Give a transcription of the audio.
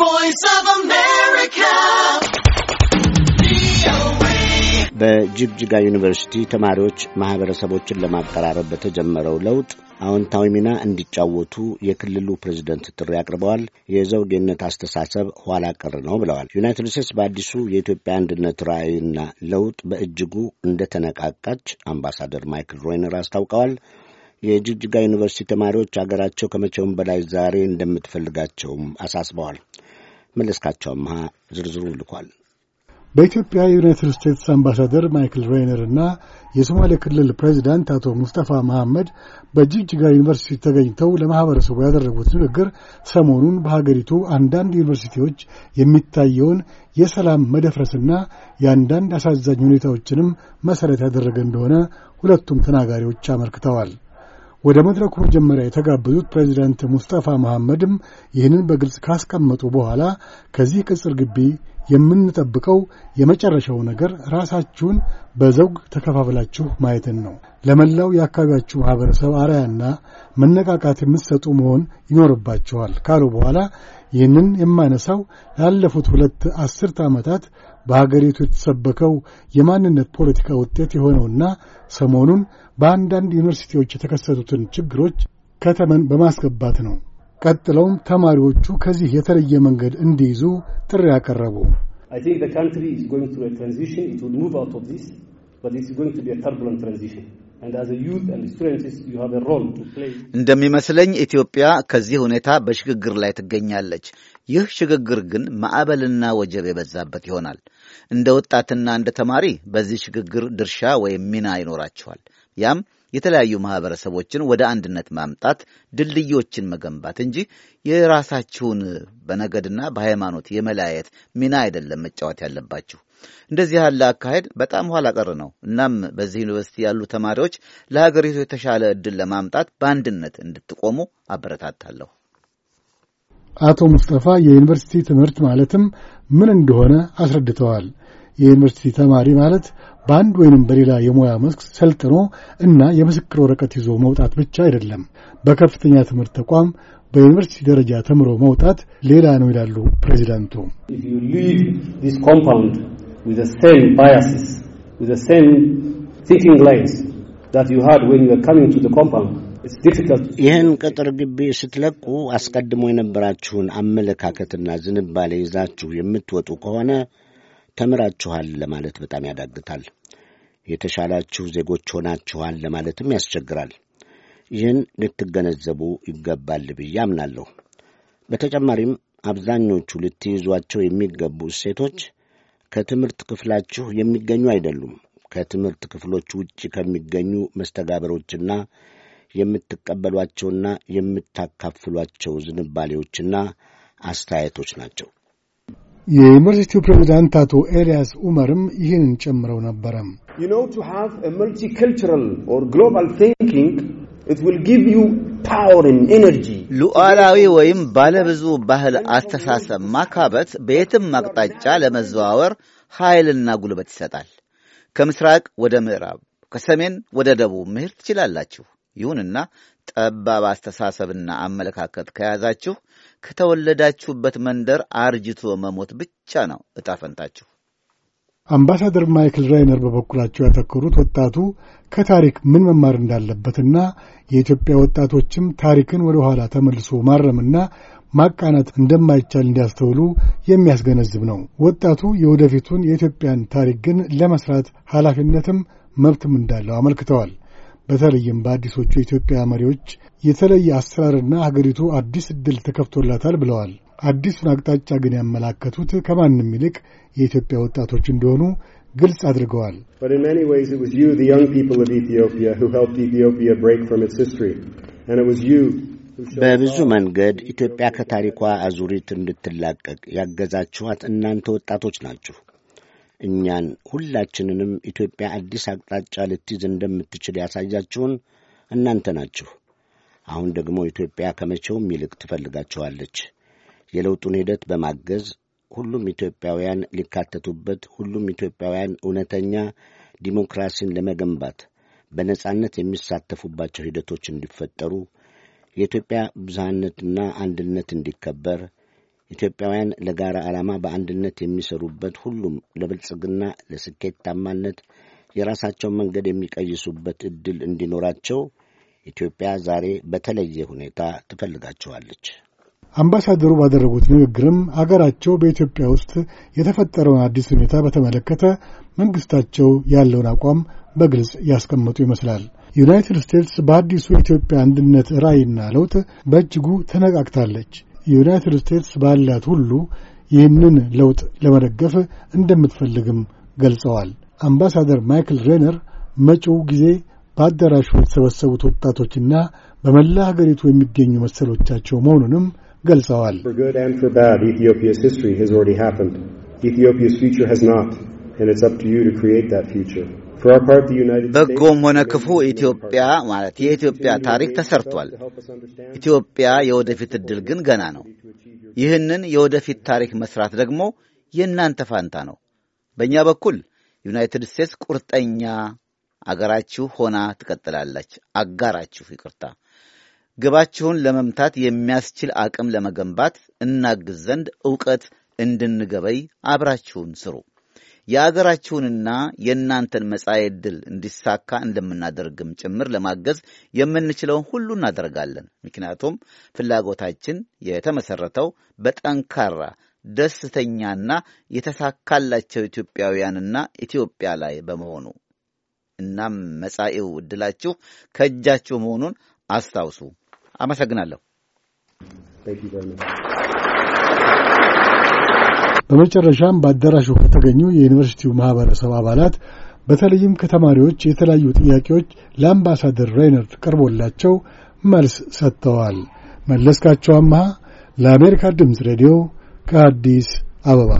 voice of America. በጅግጅጋ ዩኒቨርሲቲ ተማሪዎች ማህበረሰቦችን ለማቀራረብ በተጀመረው ለውጥ አዎንታዊ ሚና እንዲጫወቱ የክልሉ ፕሬዝደንት ጥሪ አቅርበዋል። የዘውጌነት አስተሳሰብ ኋላ ቀር ነው ብለዋል። ዩናይትድ ስቴትስ በአዲሱ የኢትዮጵያ አንድነት ራዕይና ለውጥ በእጅጉ እንደተነቃቃች አምባሳደር ማይክል ሮይነር አስታውቀዋል። የጅግጅጋ ዩኒቨርሲቲ ተማሪዎች አገራቸው ከመቼውም በላይ ዛሬ እንደምትፈልጋቸውም አሳስበዋል። መለስካቸው አምሃ ዝርዝሩ ልኳል። በኢትዮጵያ የዩናይትድ ስቴትስ አምባሳደር ማይክል ሬይነር እና የሶማሌ ክልል ፕሬዚዳንት አቶ ሙስጠፋ መሐመድ በጅግጅጋ ዩኒቨርሲቲ ተገኝተው ለማህበረሰቡ ያደረጉት ንግግር ሰሞኑን በሀገሪቱ አንዳንድ ዩኒቨርሲቲዎች የሚታየውን የሰላም መደፍረስና የአንዳንድ አሳዛኝ ሁኔታዎችንም መሠረት ያደረገ እንደሆነ ሁለቱም ተናጋሪዎች አመልክተዋል። ወደ መድረኩ መጀመሪያ የተጋበዙት ፕሬዚዳንት ሙስጠፋ መሐመድም ይህንን በግልጽ ካስቀመጡ በኋላ ከዚህ ቅጽር ግቢ የምንጠብቀው የመጨረሻው ነገር ራሳችሁን በዘውግ ተከፋፍላችሁ ማየትን ነው። ለመላው የአካባቢያችሁ ማህበረሰብ አርያና መነቃቃት የምትሰጡ መሆን ይኖርባችኋል ካሉ በኋላ ይህንን የማነሳው ላለፉት ሁለት አስርተ ዓመታት በሀገሪቱ የተሰበከው የማንነት ፖለቲካ ውጤት የሆነውና ሰሞኑን በአንዳንድ ዩኒቨርሲቲዎች የተከሰቱትን ችግሮች ከተመን በማስገባት ነው። ቀጥለውም ተማሪዎቹ ከዚህ የተለየ መንገድ እንዲይዙ ጥሪ ያቀረቡ እንደሚመስለኝ ኢትዮጵያ ከዚህ ሁኔታ በሽግግር ላይ ትገኛለች። ይህ ሽግግር ግን ማዕበልና ወጀብ የበዛበት ይሆናል። እንደ ወጣትና እንደ ተማሪ በዚህ ሽግግር ድርሻ ወይም ሚና ይኖራቸዋል። ያም የተለያዩ ማኅበረሰቦችን ወደ አንድነት ማምጣት፣ ድልድዮችን መገንባት እንጂ የራሳችሁን በነገድና በሃይማኖት የመለያየት ሚና አይደለም መጫወት ያለባችሁ። እንደዚህ ያለ አካሄድ በጣም ኋላ ቀር ነው። እናም በዚህ ዩኒቨርሲቲ ያሉ ተማሪዎች ለሀገሪቱ የተሻለ እድል ለማምጣት በአንድነት እንድትቆሙ አበረታታለሁ። አቶ ሙስጠፋ የዩኒቨርሲቲ ትምህርት ማለትም ምን እንደሆነ አስረድተዋል። የዩኒቨርሲቲ ተማሪ ማለት በአንድ ወይንም በሌላ የሙያ መስክ ሰልጥኖ እና የምስክር ወረቀት ይዞ መውጣት ብቻ አይደለም። በከፍተኛ ትምህርት ተቋም በዩኒቨርሲቲ ደረጃ ተምሮ መውጣት ሌላ ነው ይላሉ ፕሬዚዳንቱ። ሪስ ይህን ቅጥር ግቢ ስትለቁ አስቀድሞ የነበራችሁን አመለካከትና ዝንባሌ ይዛችሁ የምትወጡ ከሆነ ተምራችኋል ለማለት በጣም ያዳግታል። የተሻላችሁ ዜጎች ሆናችኋል ለማለትም ያስቸግራል። ይህን ልትገነዘቡ ይገባል ብዬ አምናለሁ። በተጨማሪም አብዛኞቹ ልትይዟቸው የሚገቡ እሴቶች ከትምህርት ክፍላችሁ የሚገኙ አይደሉም። ከትምህርት ክፍሎች ውጭ ከሚገኙ መስተጋበሮችና የምትቀበሏቸውና የምታካፍሏቸው ዝንባሌዎችና አስተያየቶች ናቸው። የዩኒቨርሲቲው ፕሬዚዳንት አቶ ኤልያስ ኡመርም ይህንን ጨምረው ነበረ። ሉዓላዊ ወይም ባለብዙ ባህል አስተሳሰብ ማካበት በየትም አቅጣጫ ለመዘዋወር ኃይልና ጉልበት ይሰጣል። ከምስራቅ ወደ ምዕራብ፣ ከሰሜን ወደ ደቡብ መሄድ ትችላላችሁ። ይሁንና ጠባብ አስተሳሰብና አመለካከት ከያዛችሁ ከተወለዳችሁበት መንደር አርጅቶ መሞት ብቻ ነው እጣፈንታችሁ አምባሳደር ማይክል ራይነር በበኩላቸው ያተኮሩት ወጣቱ ከታሪክ ምን መማር እንዳለበትና የኢትዮጵያ ወጣቶችም ታሪክን ወደ ኋላ ተመልሶ ማረምና ማቃናት እንደማይቻል እንዲያስተውሉ የሚያስገነዝብ ነው። ወጣቱ የወደፊቱን የኢትዮጵያን ታሪክ ግን ለመስራት ኃላፊነትም መብትም እንዳለው አመልክተዋል። በተለይም በአዲሶቹ የኢትዮጵያ መሪዎች የተለየ አሰራርና ሀገሪቱ አዲስ ዕድል ተከፍቶላታል ብለዋል። አዲሱን አቅጣጫ ግን ያመላከቱት ከማንም ይልቅ የኢትዮጵያ ወጣቶች እንደሆኑ ግልጽ አድርገዋል። በብዙ መንገድ ኢትዮጵያ ከታሪኳ አዙሪት እንድትላቀቅ ያገዛችኋት እናንተ ወጣቶች ናችሁ። እኛን ሁላችንንም ኢትዮጵያ አዲስ አቅጣጫ ልትይዝ እንደምትችል ያሳያችሁን እናንተ ናችሁ። አሁን ደግሞ ኢትዮጵያ ከመቼውም ይልቅ ትፈልጋችኋለች። የለውጡን ሂደት በማገዝ ሁሉም ኢትዮጵያውያን ሊካተቱበት፣ ሁሉም ኢትዮጵያውያን እውነተኛ ዲሞክራሲን ለመገንባት በነጻነት የሚሳተፉባቸው ሂደቶች እንዲፈጠሩ፣ የኢትዮጵያ ብዝሃነትና አንድነት እንዲከበር ኢትዮጵያውያን ለጋራ ዓላማ በአንድነት የሚሰሩበት ሁሉም ለብልጽግና ለስኬታማነት የራሳቸውን መንገድ የሚቀይሱበት ዕድል እንዲኖራቸው ኢትዮጵያ ዛሬ በተለየ ሁኔታ ትፈልጋቸዋለች። አምባሳደሩ ባደረጉት ንግግርም አገራቸው በኢትዮጵያ ውስጥ የተፈጠረውን አዲስ ሁኔታ በተመለከተ መንግሥታቸው ያለውን አቋም በግልጽ ያስቀመጡ ይመስላል። ዩናይትድ ስቴትስ በአዲሱ የኢትዮጵያ አንድነት ራዕይና ለውጥ በእጅጉ ተነቃቅታለች። ዩናይትድ ስቴትስ ባላት ሁሉ ይህንን ለውጥ ለመደገፍ እንደምትፈልግም ገልጸዋል። አምባሳደር ማይክል ሬነር መጪው ጊዜ በአዳራሹ የተሰበሰቡት ወጣቶችና በመላ ሀገሪቱ የሚገኙ መሰሎቻቸው መሆኑንም ገልጸዋል። ኢትዮጵያስ ፊውቸር ሃዝ ናት ኤንድ ኢትስ አፕ ቱ ዩ ቱ ክሪኤት ዛት ፊውቸር በጎም ሆነ ክፉ ኢትዮጵያ ማለት የኢትዮጵያ ታሪክ ተሰርቷል። ኢትዮጵያ የወደፊት ዕድል ግን ገና ነው። ይህንን የወደፊት ታሪክ መስራት ደግሞ የእናንተ ፋንታ ነው። በእኛ በኩል ዩናይትድ ስቴትስ ቁርጠኛ አገራችሁ ሆና ትቀጥላለች። አጋራችሁ፣ ይቅርታ፣ ግባችሁን ለመምታት የሚያስችል አቅም ለመገንባት እናግዝ ዘንድ እውቀት እንድንገበይ አብራችሁን ስሩ። የአገራችሁንና የእናንተን መጻኤ ዕድል እንዲሳካ እንደምናደርግም ጭምር ለማገዝ የምንችለውን ሁሉ እናደርጋለን። ምክንያቱም ፍላጎታችን የተመሠረተው በጠንካራ ደስተኛና የተሳካላቸው ኢትዮጵያውያንና ኢትዮጵያ ላይ በመሆኑ እናም መጻኤው ዕድላችሁ ከእጃችሁ መሆኑን አስታውሱ። አመሰግናለሁ። በመጨረሻም በአዳራሹ ከተገኙ የዩኒቨርሲቲው ማህበረሰብ አባላት በተለይም ከተማሪዎች የተለያዩ ጥያቄዎች ለአምባሳደር ሬይነርት ቀርቦላቸው መልስ ሰጥተዋል። መለስካቸው አምሃ ለአሜሪካ ድምፅ ሬዲዮ ከአዲስ አበባ